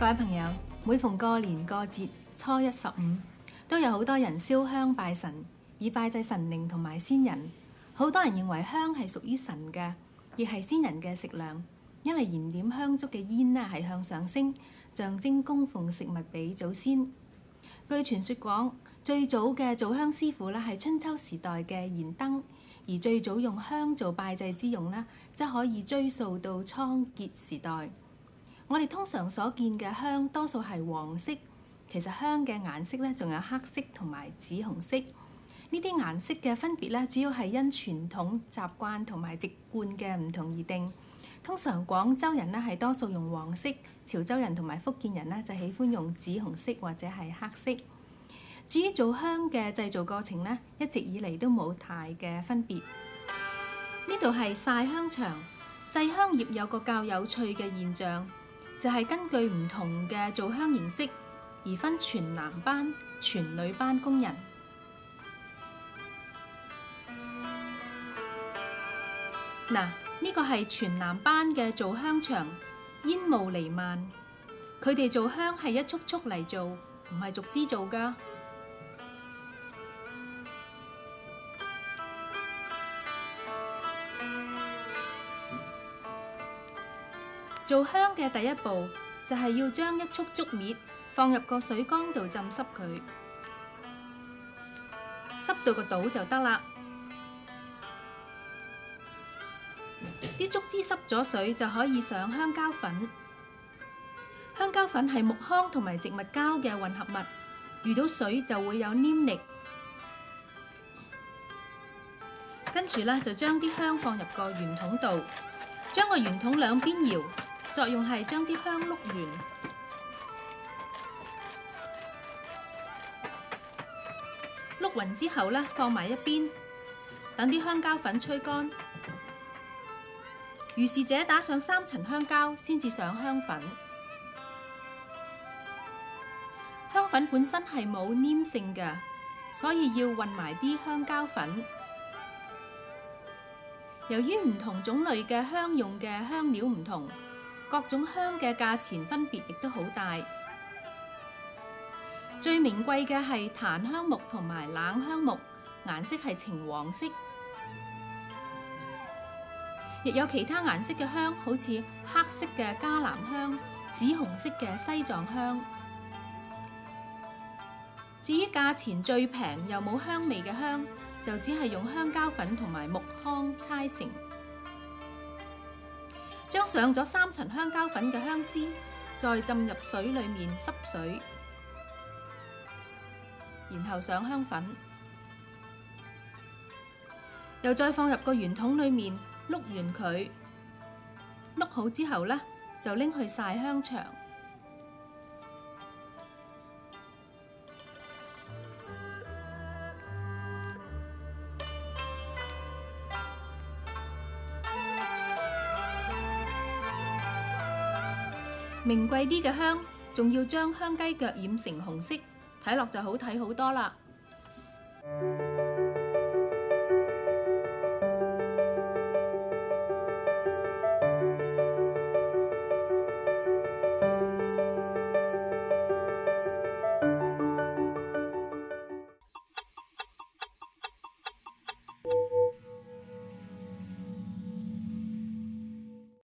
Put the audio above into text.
各位朋友，每逢過年過節，初一十五，都有好多人燒香拜神，以拜祭神靈同埋先人。好多人認為香係屬於神嘅，亦係先人嘅食糧。因為燃點香燭嘅煙啊，係向上升，象徵供奉食物俾祖先。據傳説講，最早嘅做香師傅啦，係春秋時代嘅燃燈，而最早用香做拜祭之用啦，則可以追溯到倉頡時代。我哋通常所見嘅香多數係黃色，其實香嘅顏色咧，仲有黑色同埋紫紅色。顏色呢啲顏色嘅分別咧，主要係因傳統習慣同埋籍貫嘅唔同而定。通常廣州人呢係多數用黃色，潮州人同埋福建人呢就喜歡用紫紅色或者係黑色。至於做香嘅製造過程呢，一直以嚟都冇太嘅分別。呢度係晒香場、製香業，有個較有趣嘅現象。就係根據唔同嘅做香形式而分全男班、全女班工人。嗱，呢個係全男班嘅做香場，煙霧瀰漫。佢哋做香係一束束嚟做，唔係逐支做㗎。做香嘅第一步就係、是、要將一束竹篾放入個水缸度浸濕佢，濕到個倒就得啦。啲竹枝濕咗水就可以上香蕉粉。香蕉粉係木糠同埋植物膠嘅混合物，遇到水就會有黏力。跟住呢，就將啲香放入個圓筒度，將個圓筒兩邊搖。作用係將啲香碌完，碌完之後咧，放埋一邊，等啲香膠粉吹乾。於是者打上三層香膠，先至上香粉。香粉本身係冇粘性嘅，所以要混埋啲香膠粉。由於唔同種類嘅香用嘅香料唔同。各種香嘅價錢分別亦都好大，最名貴嘅係檀香木同埋冷香木，顏色係呈黃色，亦有其他顏色嘅香，好似黑色嘅迦南香、紫紅色嘅西藏香。至於價錢最平又冇香味嘅香，就只係用香蕉粉同埋木糠搓成。將上咗三層香膠粉嘅香枝，再浸入水裏面濕水，然後上香粉，又再放入個圓筒裏面碌完佢，碌好之後咧就拎去曬香腸。名貴啲嘅香，仲要將香雞腳染成紅色，睇落就好睇好多啦。